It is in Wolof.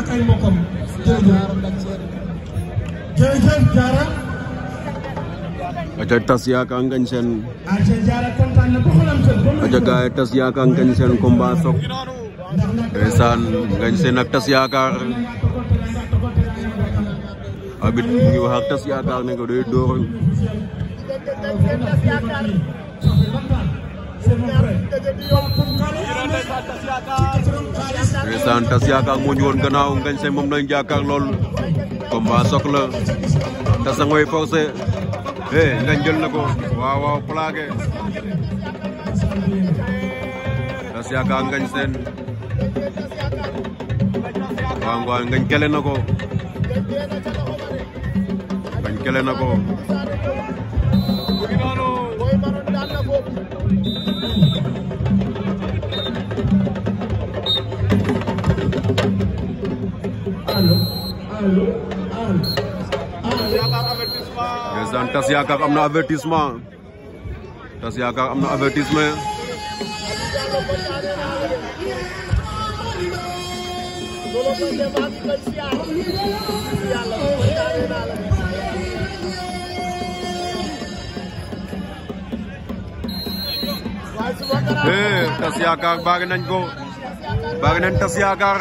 ak ay mbokkam jërëjëf. jërëjëf Diarra. aca tas yaakaar ngañ seen. aca Diarra kontaan na ba xolam ak tas yaakaar. abit mu ak tas yaakaar ne ko day door. ndeysaan tas yaakaar moo ñu woon gannaaw ngañ seen moom lañ jaakaar lool combat la tas ngoy forcé eh ngañ jël na ko waaw waaw plaqué tas yaakaar seen waaw waaw kele na ko ngañ kele na ko. allo allo allo. ndeysaan tas yaakaar am na tas yaakaar am tas yaakaar baag nañ ko baag nañ tas yaakaar.